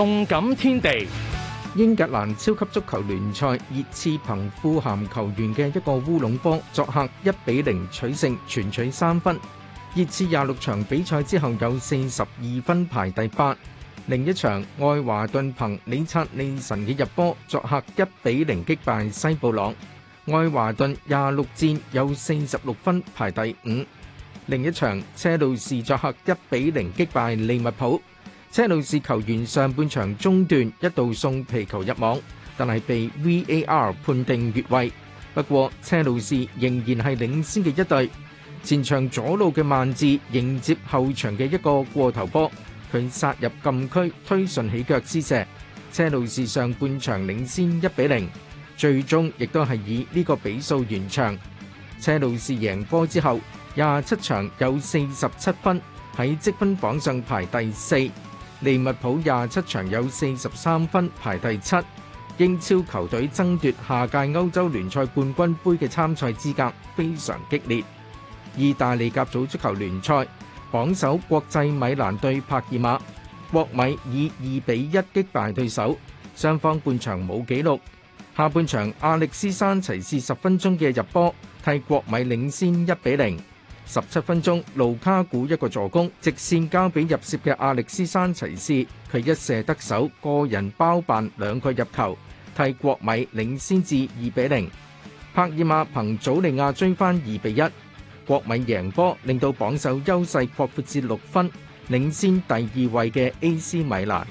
動感天地，英格蘭超級足球聯賽，熱刺憑富咸球員嘅一個烏龍波作客一比零取勝，全取三分。熱刺廿六場比賽之後有四十二分，排第八。另一場，愛華頓憑李察利臣嘅入波作客一比零擊敗西布朗。愛華頓廿六戰有四十六分，排第五。另一場車路士作客一比零擊敗利物浦。車路士球員上半場中段一度送皮球入網，但係被 VAR 判定越位。不過車路士仍然係領先嘅一隊。前場左路嘅曼治迎接後場嘅一個過頭波，佢殺入禁區推順起腳施射，車路士上半場領先一比零。最終亦都係以呢個比數完場。車路士贏波之後，廿七場有四十七分喺積分榜上排第四。利物浦廿七場有四十三分，排第七。英超球隊爭奪下屆歐洲聯賽冠軍杯嘅參賽資格非常激烈。意大利甲組足球聯賽榜首國際米蘭對帕爾馬，國米以二比一擊敗對手，雙方半場冇紀錄，下半場亞歷斯山齊十分鐘嘅入波替國米領先一比零。十七分鐘，盧卡古一個助攻，直線交俾入攝嘅阿力斯山齊斯，佢一射得手，個人包辦兩個入球，替國米領先至二比零。帕爾馬憑祖利亞追翻二比一，國米贏波，令到榜首優勢擴闊至六分，領先第二位嘅 AC 米蘭。